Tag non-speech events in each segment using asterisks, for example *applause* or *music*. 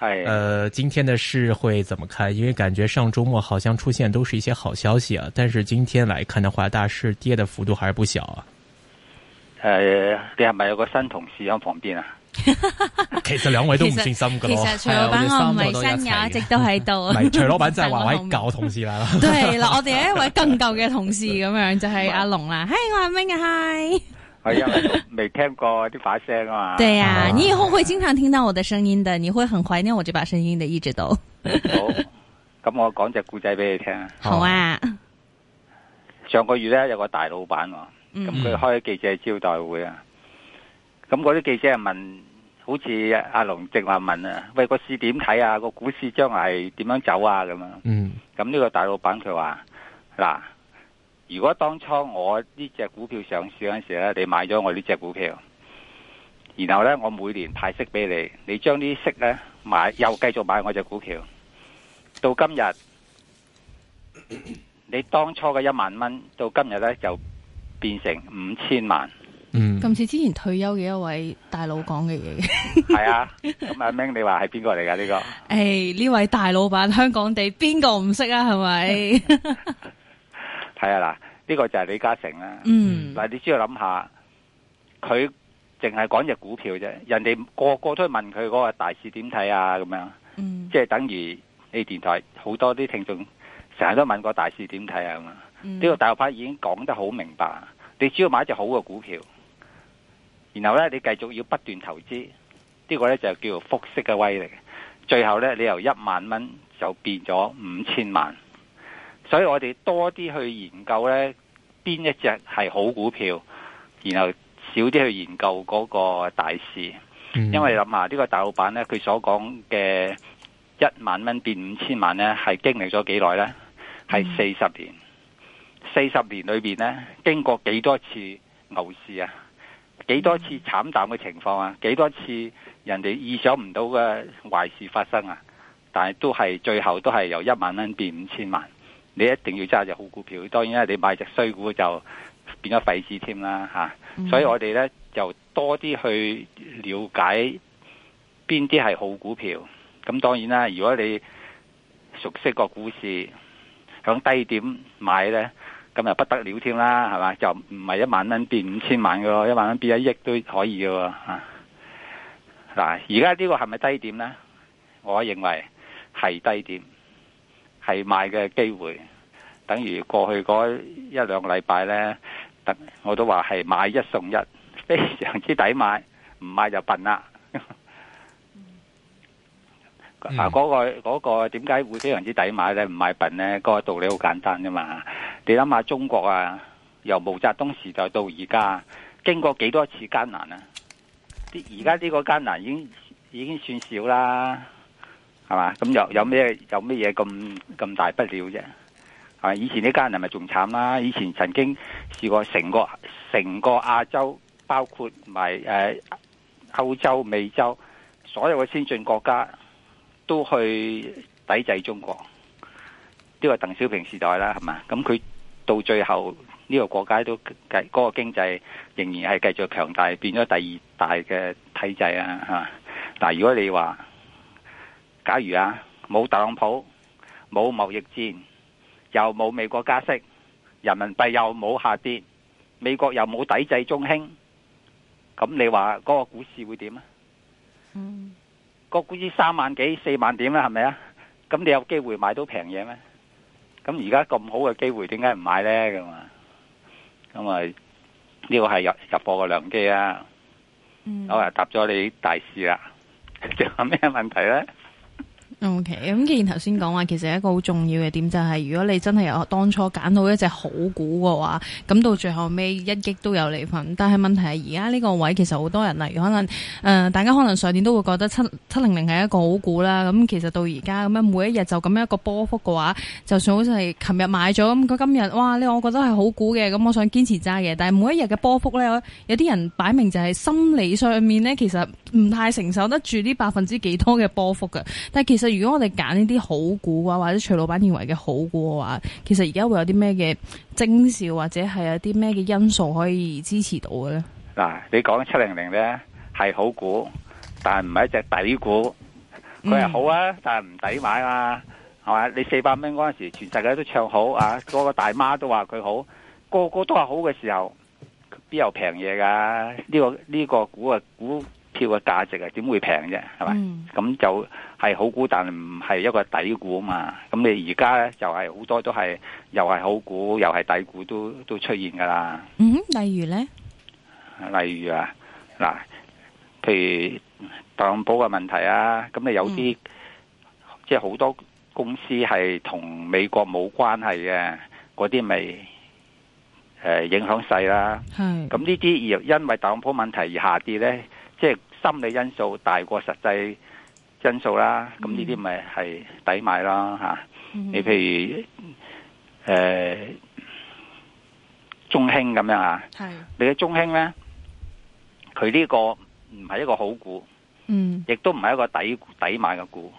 誒，誒、呃，今天的事會怎麼看？因為感覺上周末好像出現都是一些好消息啊，但是今天來看的話，大市跌的幅度還是不小啊。誒、呃，你係咪有個新同事喺旁邊啊？其實兩位都唔算新噶，徐老闆啊，我唔係新嘅，一直都喺度。唔係，徐老闆就係話位舊同事啦。係啦 *laughs* 我哋一位更舊嘅同事咁 *laughs* 樣，就係、是、阿龍啦。嘿， *laughs* *laughs* 我係阿明嘅 hi。係 *laughs* 因為未聽過啲把聲啊嘛。對啊，你以後會經常聽到我的聲音的，你會很懷念我這把聲音的，一直都。 *laughs* 好，咁我講隻故仔俾你聽。好啊。上個月咧有個大老闆、哦，咁佢開記者招待會啊。咁嗰啲記者係問，好似阿龍正話問啊，喂、個市點睇啊，個股市將來點樣走啊咁啊。那嗯。咁呢個大老闆佢話嗱。如果當初我呢隻股票上市嗰陣時咧，你買咗我呢隻股票，然後咧我每年派息俾你，你將啲息咧買又繼續買我隻股票，到今日，你當初嘅一萬蚊到今日咧就變成五千萬。嗯，咁似之前退休嘅一位大佬講嘅嘢。係啊，咁阿明，你話係邊個嚟噶呢個？誒、哎，呢位大老闆，香港地邊個唔識啊？係咪？ *laughs* 係啊，嗱，呢、呢個就係李嘉誠啦。嗱、嗯，你只要諗下，佢淨係講隻股票啫，人哋個個都問佢嗰個大市點睇啊，咁樣。即係、嗯、等於你電台好多啲聽眾成日都問個大市點睇啊。呢、嗯、個大牛派已經講得好明白，你只要買一隻好嘅股票，然後呢，你繼續要不斷投資，呢、呢個呢，就叫做複式嘅威力。最後呢，你由一萬蚊就變咗五千萬。所以我哋多啲去研究咧，邊一隻係好股票，然後少啲去研究嗰個大市。嗯、因為諗下呢個大老闆咧，佢所講嘅一萬蚊變五千萬咧，係經歷咗幾耐咧？係四十年，嗯、四十年裏邊咧，經過幾多次牛市啊？幾多次慘淡嘅情況啊？幾多次人哋意想唔到嘅壞事發生啊？但係都係最後都係由一萬蚊變五千萬。你一定要揸隻好股票，當然啦，你買隻衰股就變咗廢紙添啦嚇。所以我哋咧就多啲去了解邊啲係好股票。咁當然啦，如果你熟悉個股市，響低點買咧，咁就不得了添啦，係嘛？就唔係一萬蚊變五千萬嘅喎，一萬蚊變一億都可以嘅喎。嗱，而家呢個係咪低點咧？我認為係低點。係買嘅機會，等於過去嗰一兩個禮拜呢，我都話係買一送一，非常之抵買，唔買就笨啦。嗱、 *laughs* 嗰個，嗰個嗰個點解會非常之抵買呢？唔買笨呢？嗰個道理好簡單啫嘛。你諗下中國啊，由毛澤東時代到而家，經過幾多次艱難啊？啲而家呢個艱難已經已經算少啦。係嘛？咁有有咩有咩嘢咁咁大不了啫？啊！以前呢間係咪仲慘啦？以前曾經試過成個成個亞洲，包括埋誒、呃、歐洲、美洲所有嘅先進國家都去抵制中國，呢個鄧小平時代啦，係嘛？咁佢到最後呢個國家都計嗰個經濟仍然係繼續強大，變咗第二大嘅體制啊！嚇！嗱，如果你話，假如啊，冇特朗普，冇貿易戰，又冇美國加息，人民幣又冇下跌，美國又冇抵制中興，咁你話嗰個股市會點啊？嗯，個股市三萬幾四萬點啦，係咪啊？咁你有機會買到平嘢咩？咁而家咁好嘅機會，點解唔買咧？咁啊，咁啊，呢個係入入貨嘅良機啊！嗯，我啊答咗你大事啦，仲有咩問題咧？O.K. 咁既然頭先講話，其實一個好重要嘅點就係，如果你真係由當初揀到一隻好股嘅話，咁到最後尾一擊都有離分。但係問題係而家呢個位其實好多人嚟，可能誒大家可能上年都會覺得七七零零係一個好股啦。咁其實到而家咁樣每一日就咁樣一個波幅嘅話，就算好似係琴日買咗咁，佢今日哇呢，我覺得係好股嘅，咁我想堅持揸嘅。但係每一日嘅波幅咧，有啲人擺明就係心理上面咧，其實唔太承受得住呢百分之幾多嘅波幅嘅。但係其實如果我哋揀呢啲好股啊，或者徐老闆認為嘅好股嘅話，其實而家會有啲咩嘅徵兆，或者係有啲咩嘅因素可以支持到嘅咧？嗱，你講七零零咧，係好股，但係唔係一隻底股，佢係好啊，但係唔抵買啊，係嘛、嗯？你四百蚊嗰陣時，全世界都唱好啊，嗰個大媽都話佢好，個個都話好嘅時候，邊有平嘢噶？呢、這個呢、這個股嘅股票嘅價值係，點會平啫？係咪、嗯？咁就。係好股，但唔係一個底股嘛。咁你而家又係好多都係，又係好股，又係底股都，都都出現噶啦。嗯，例如咧？例如啊，嗱，譬如特朗普嘅問題啊，咁你有啲、嗯、即係好多公司係同美國冇關係嘅，嗰啲咪誒影響細啦。係是。咁呢啲因為特朗普問題而下跌咧，即係心理因素大過實際。因素啦，咁呢啲咪係抵買啦吓。Mm hmm. 你譬如誒、呃、中興咁樣啊，的你嘅中興咧，佢呢個唔係一個好股，嗯、mm，亦、hmm. 都唔係一個抵抵買嘅股，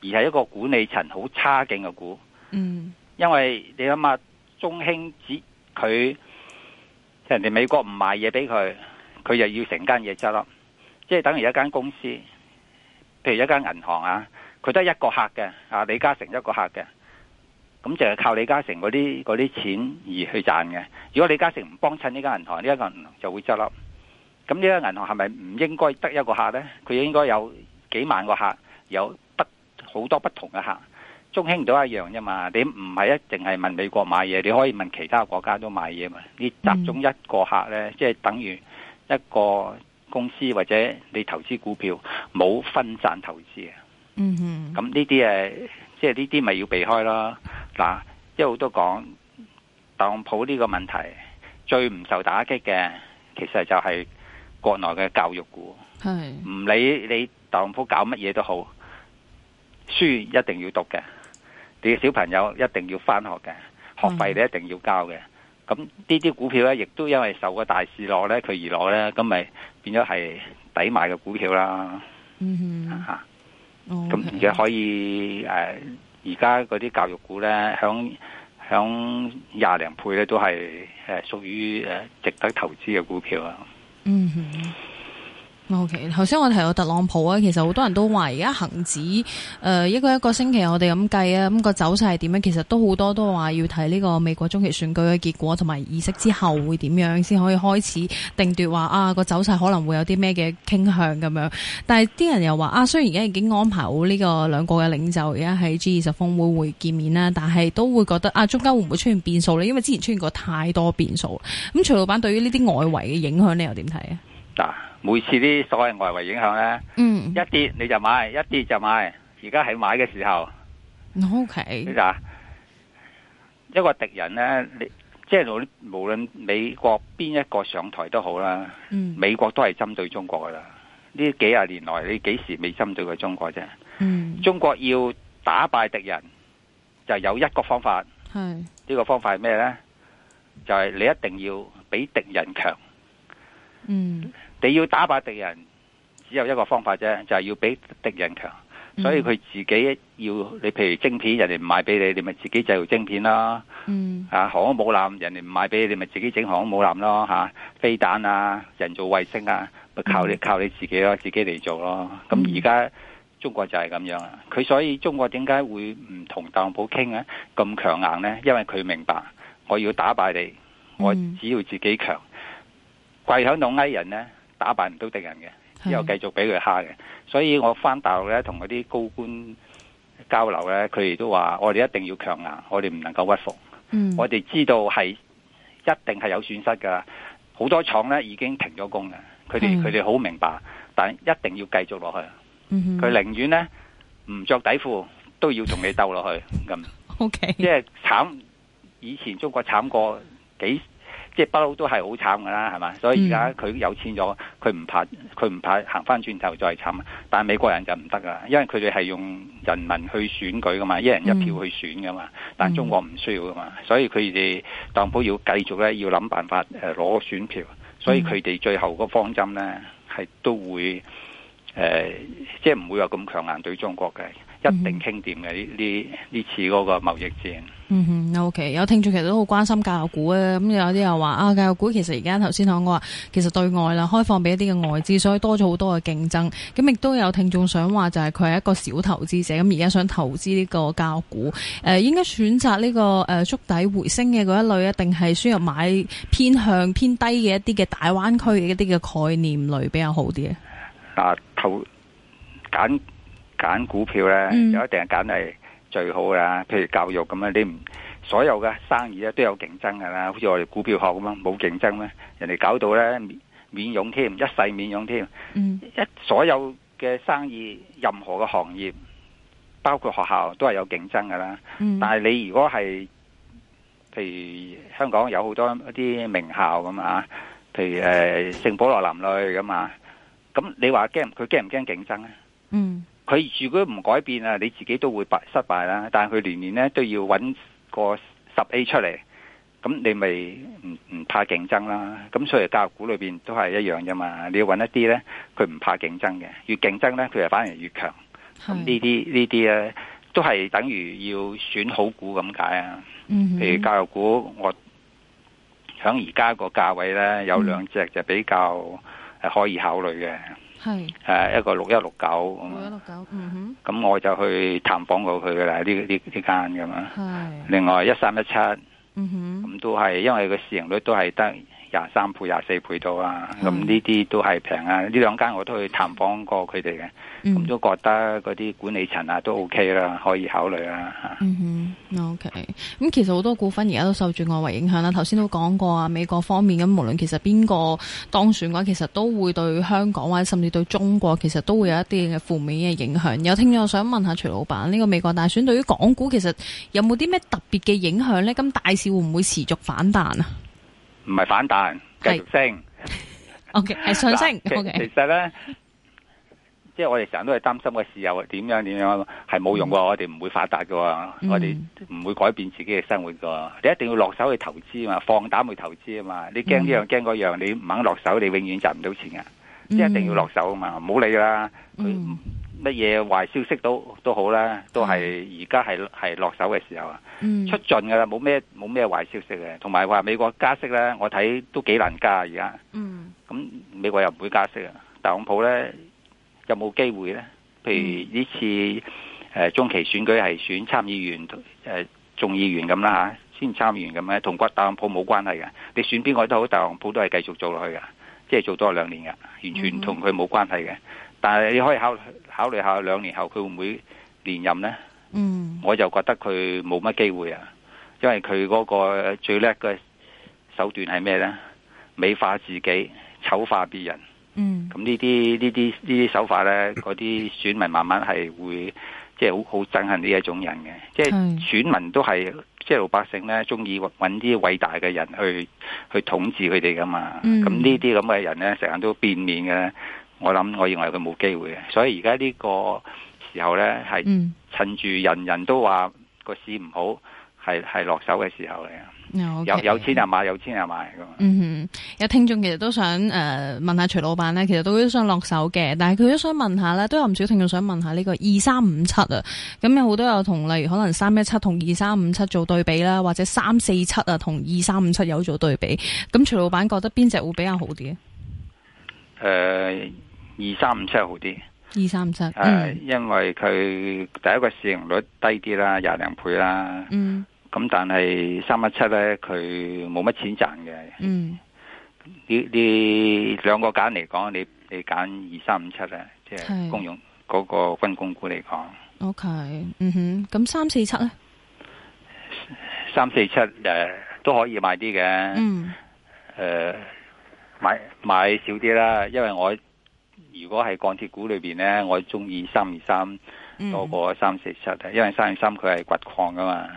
而係一個管理層好差勁嘅股，嗯、mm，hmm. 因為你諗下中興只佢人哋美國唔賣嘢俾佢，佢又要成間嘢執咯，即係等於一間公司。譬如一間銀行啊，佢得一個客嘅，啊李嘉誠一個客嘅，咁淨係靠李嘉誠嗰啲啲錢而去賺嘅。如果李嘉誠唔幫襯呢間銀行，呢間銀行就會執笠。咁呢間銀行係咪唔應該得一個客呢？佢應該有幾萬個客，有得好多不同嘅客。中興都一樣啫嘛，你唔係一定係問美國買嘢，你可以問其他國家都買嘢嘛。你集中一個客呢，即係等於一個。公司或者你投資股票冇分散投資啊，咁呢啲誒，即係呢啲咪要避開囉。嗱、啊，因為好多講，特朗普呢個問題最唔受打擊嘅，其實就係國內嘅教育股。係、mm，唔、hmm. 理你特朗普搞乜嘢都好，書一定要讀嘅，你嘅小朋友一定要返學嘅，學費你一定要交嘅。Mm hmm. 咁呢啲股票咧，亦都因為受過大市落咧，佢而落咧，咁咪變咗係抵買嘅股票啦。嗯哼、mm，吓，咁而且可以誒，而家嗰啲教育股咧，響響廿零倍咧，都係誒屬於誒值得投資嘅股票啊。嗯哼、mm。Hmm. O.K.，頭先我提到特朗普啊，其實好多人都話而家恒指誒、呃，一個一個星期我哋咁計啊，咁個走勢係點樣？其實都好多都話要睇呢個美國中期選舉嘅結果，同埋議息之後會點樣先可以開始定奪？話啊個走勢可能會有啲咩嘅傾向咁樣。但係啲人又話啊，雖然而家已經安排好呢個兩國嘅領袖而家喺 G 二十峰會會見面啦，但係都會覺得啊，中間會唔會出現變數呢？因為之前出現過太多變數。咁徐老闆對於呢啲外圍嘅影響，你又點睇啊？每次啲所謂外圍影響呢，一跌你就買，一跌就買。而家喺買嘅時候，O K。邊度啊？一個敵人呢，你即係無論美國邊一個上台都好啦，美國都係針對中國噶啦。呢幾廿年來，你幾時未針對過中國啫？中國要打敗敵人，就有一個方法。係呢個方法係咩呢？就係你一定要比敵人強。嗯。你要打敗敵人，只有一個方法啫，就係、是、要比敵人強。嗯、所以佢自己要，你譬如晶片，人哋唔賣俾你，你咪自己製造晶片咯。啊、嗯，航空母艦，人哋唔賣俾你，你咪自己整航空母艦咯。吓、啊，飛彈啊，人造衛星啊，咪靠你、嗯、靠你自己咯，自己嚟做咯。咁而家中國就係咁樣。佢所以中國點解會唔同特朗普傾啊咁強硬呢？因為佢明白，我要打敗你，我只要自己強，跪響度挨人呢。打敗唔到敵人嘅，之後繼續俾佢蝦嘅，所以我翻大陸咧，同嗰啲高官交流咧，佢哋都話：我哋一定要強硬，我哋唔能夠屈服。嗯，我哋知道係一定係有損失噶，好多廠咧已經停咗工嘅，佢哋佢哋好明白，但一定要繼續落去。佢、嗯、哼寧願咧唔着底褲都要同你鬥落去咁。O K，即係慘，以前中國慘過幾？即係不嬲都係好慘噶啦，係嘛？所以而家佢有錢咗，佢唔怕，佢唔怕行翻轉頭再慘。但係美國人就唔得噶，因為佢哋係用人民去選舉噶嘛，一人一票去選噶嘛。但係中國唔需要噶嘛，所以佢哋特朗普要繼續咧，要諗辦法，誒攞選票，所以佢哋最後個方針咧係都會誒、呃，即係唔會有咁強硬對中國嘅。一定傾掂嘅呢啲呢次嗰個貿易戰。嗯嗯、mm hmm.，OK，有聽眾其實都好關心教育股啊。咁有啲又話啊，教育股其實而家頭先講過話，其實對外啦開放俾一啲嘅外資，所以多咗好多嘅競爭。咁亦都有聽眾想話，就係佢係一個小投資者，咁而家想投資呢個教育股。誒、呃，應該選擇呢、這個誒觸、呃、底回升嘅嗰一類啊，定係選擇買偏向偏低嘅一啲嘅大灣區嘅一啲嘅概念類比較好啲啊？啊，投揀。揀股票咧，有一定係揀係最好噶啦。譬如教育咁啊，你唔所有嘅生意咧都有競爭噶啦。好似我哋股票學咁啊，冇競爭咩？人哋搞到咧免免佣添，一世免佣添。一所有嘅生意，任何嘅行業，包括學校都係有競爭噶啦。但係你如果係譬如香港有好多一啲名校咁啊，譬如誒聖保羅男女咁啊，咁你話驚佢驚唔驚競爭咧？嗯。佢如果唔改變啊，你自己都會敗失敗啦。但係佢年年咧都要搵個十 A 出嚟，咁你咪唔唔怕競爭啦。咁所以教育股裏邊都係一樣啫嘛。你要搵一啲咧，佢唔怕競爭嘅，越競爭咧佢就反而越強。咁呢啲呢啲咧，都係等於要選好股咁解啊。譬如、嗯、哼教育股，我喺而家個價位咧，有兩隻就比較係可以考慮嘅。係誒、啊，一個六一六九咁樣，六一六九，嗯哼，咁我就去探訪過佢噶啦，呢呢呢間咁樣，係另外一三一七，嗯哼，咁都係因為個市盈率都係得。廿三倍、廿四倍到啊！咁呢啲都係平啊！呢、嗯、兩間我都去探訪過佢哋嘅，咁、嗯、都覺得嗰啲管理層啊都 OK 啦，可以考慮啊、嗯 okay。嗯哼，OK。咁其實好多股份而家都受住外圍影響啦。頭先都講過啊，美國方面咁無論其實邊個當選嘅話，其實都會對香港或者甚至對中國，其實都會有一啲嘅負面嘅影響。有聽咗，我想問下徐老闆，呢、呢個美國大選對於港股其實有冇啲咩特別嘅影響呢？咁大市會唔會持續反彈啊？唔係反彈，繼續升。OK，係上升。OK，其實咧，即係我哋成日都係擔心嘅事又點樣點樣，係冇用嘅。我哋唔會發達嘅，我哋唔會改變自己嘅生活嘅。你一定要落手去投資啊嘛，放膽去投資啊嘛。你驚呢樣驚嗰樣，你唔肯落手，你永遠賺唔到錢嘅。即係一定要落手啊嘛，唔好理㗎啦佢。乜嘢壞消息都都好啦，都係而家係係落手嘅時候啊，mm. 出盡噶啦，冇咩冇咩壞消息嘅。同埋話美國加息咧，我睇都幾難加而家。Mm. 嗯，咁美國又唔會加息啊？特朗普咧有冇機會咧？譬如呢次誒中期選舉係選參議員誒眾議員咁啦嚇，先參議員咁咧，同骨特朗普冇關係嘅。你選邊個都好，特朗普都係繼續做落去嘅，即係做多兩年嘅，完全同佢冇關係嘅。Mm hmm. 但係你可以考考慮下兩年後佢會唔會連任呢？嗯，我就覺得佢冇乜機會啊，因為佢嗰個最叻嘅手段係咩呢？美化自己，醜化別人。嗯，咁呢啲呢啲呢啲手法呢，嗰啲選民慢慢係會即係好好憎恨呢一種人嘅。即係選民都係即係老百姓呢，中意揾啲偉大嘅人去去統治佢哋噶嘛。咁呢啲咁嘅人呢，成日都變面嘅。我諗，我認為佢冇機會嘅，所以而家呢個時候呢，係趁住人人都話個市唔好，係係落手嘅時候嚟啊！Okay. 有有錢就買，有錢就買噶嘛。嗯哼，有聽眾其實都想誒、呃、問下徐老板呢其實都想落手嘅，但係佢都想問下呢，都有唔少聽眾想問下呢個二三五七啊，咁有好多有同例如可能三一七同二三五七做對比啦，或者三四七啊同二三五七有做對比，咁徐老闆覺得邊隻會比較好啲誒。呃二三五七好啲，二三五七，誒，嗯、因為佢第一個市盈率低啲啦，廿零倍啦，嗯但是 3, 1, 呢，咁但係三一七咧，佢冇乜錢賺嘅，嗯你，你你兩個揀嚟講，你你揀二三五七咧，即、就、係、是、公用嗰是 個軍工股嚟講，OK，嗯哼，咁三四七咧，三四七誒都可以買啲嘅，嗯，誒、呃，買買少啲啦，因為我。如果係鋼鐵股裏邊咧，我中意三二三多過三、嗯、四七，因為三二三佢係掘礦噶嘛，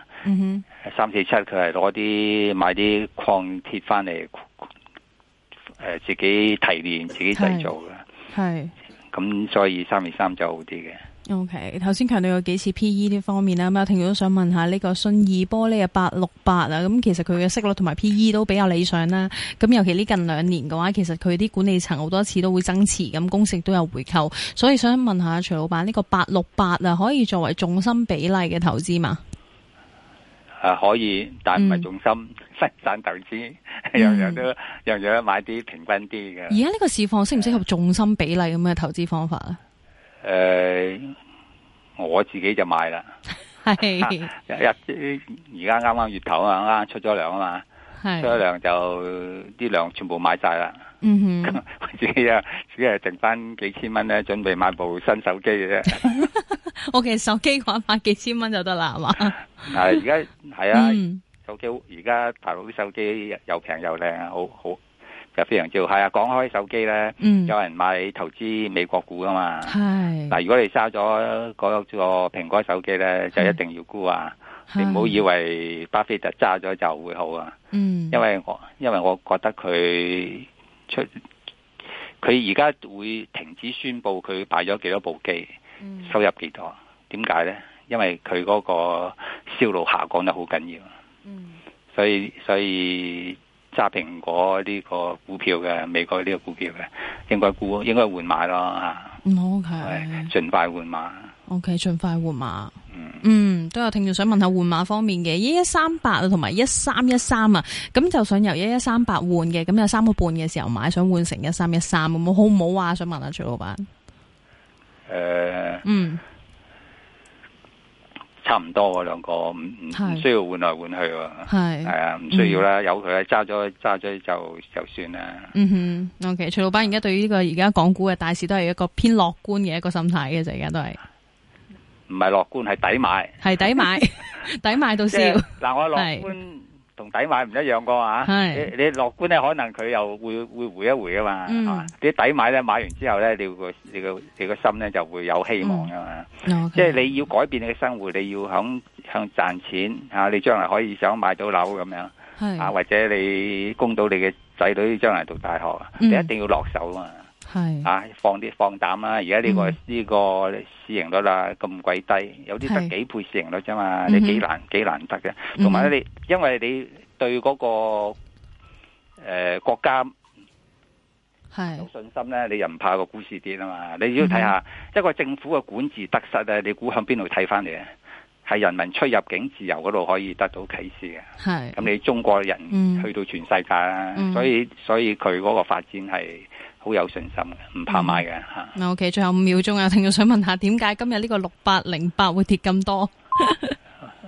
三四七佢係攞啲買啲礦鐵翻嚟誒自己提煉，自己製造嘅，係咁所以三二三就好啲嘅。O K，頭先強調過幾次 P E 呢方面啦，咁阿婷都想問下呢個信義玻璃啊八六八啊，咁其實佢嘅息率同埋 P E 都比較理想啦。咁尤其呢近兩年嘅話，其實佢啲管理層好多次都會增持，咁公司都有回購，所以想問下徐老闆，呢、這個八六八啊，可以作為重心比例嘅投資嘛？啊，可以，但唔係重心分散、嗯、投資，樣樣都，樣樣買啲平均啲嘅。而家呢個市況適唔適合重心比例咁嘅投資方法啊？誒、呃，我自己就買啦。係是，一而家啱啱月頭啊，啱啱出咗糧啊嘛，是出咗糧就啲糧全部買晒啦。嗯哼，自己啊，自己係剩翻幾千蚊咧，準備買部新手機嘅啫。我其實，手機嘅話買幾千蚊就得啦，係嘛？係而家係啊，現在嗯、手機而家大陸啲手機又平又靚啊，好好。非常焦，係啊！講開手機咧，有人買投資美國股啊嘛。係，嗱，如果你揸咗嗰個蘋果手機咧，就一定要沽啊！你唔好以為巴菲特揸咗就會好啊。嗯。因為我因為我覺得佢出佢而家會停止宣布佢賣咗幾多部機，收入幾多？點解咧？因為佢嗰個銷路下降得好緊要。嗯。所以所以。揸蘋果呢個股票嘅，美國呢個股票嘅，應該股應該換買咯吓。嗯，好係，盡快換馬。O K，盡快換馬。嗯，都有聽眾想問下換馬方面嘅，一一三八同埋一三一三啊，咁就想由一一三八換嘅，咁有三個半嘅時候買，想換成一三一三，好唔好？好唔好啊？想問下、啊、徐老闆。誒、呃，嗯。差唔多兩換換是啊，兩個唔唔唔需要換來換去喎。係係啊，唔需要啦，由佢啊，揸咗揸咗就就算啦。嗯哼，OK，徐老闆而家對於呢個而家港股嘅大市都係一個偏樂觀嘅一個心態嘅，就而家都係唔係樂觀係抵買，係抵買， *laughs* 抵買到笑。嗱、就是，我樂觀。同底買唔一樣個啊，是你你樂觀咧，可能佢又會會回一回啊嘛。你、嗯啊、底買咧，買完之後咧，你個你個你個心咧就會有希望噶嘛。即係、嗯 okay, 你要改變你嘅生活，你要向向賺錢嚇、啊，你將來可以想買到樓咁樣，嚇是、啊、或者你供到你嘅仔女將來讀大學，嗯、你一定要落手啊嘛。係是啊，放啲放膽啦、啊！而家呢個呢個市盈率啦咁鬼低，嗯、有啲得幾倍市盈率啫嘛，是你幾難幾難得嘅、啊。同埋咧，你因為你對嗰、那個誒、呃、國家係有信心咧，是你又唔怕個股市跌啊嘛。你要睇下、嗯、一個政府嘅管治得失、啊、呢，你估向邊度睇翻嚟啊？係人民出入境自由嗰度可以得到啟示嘅。係咁是，你中國人去到全世界啦，嗯、所以所以佢嗰個發展係。好有信心嘅，唔怕買嘅吓。嗯、OK，最後五秒鐘啊，聽眾想問下，點解今日呢個六百零八會跌咁多？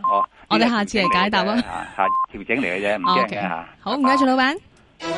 我我哋下次嚟解答啊。吓調整嚟嘅啫，唔驚嘅吓。好，唔該拜，謝老闆。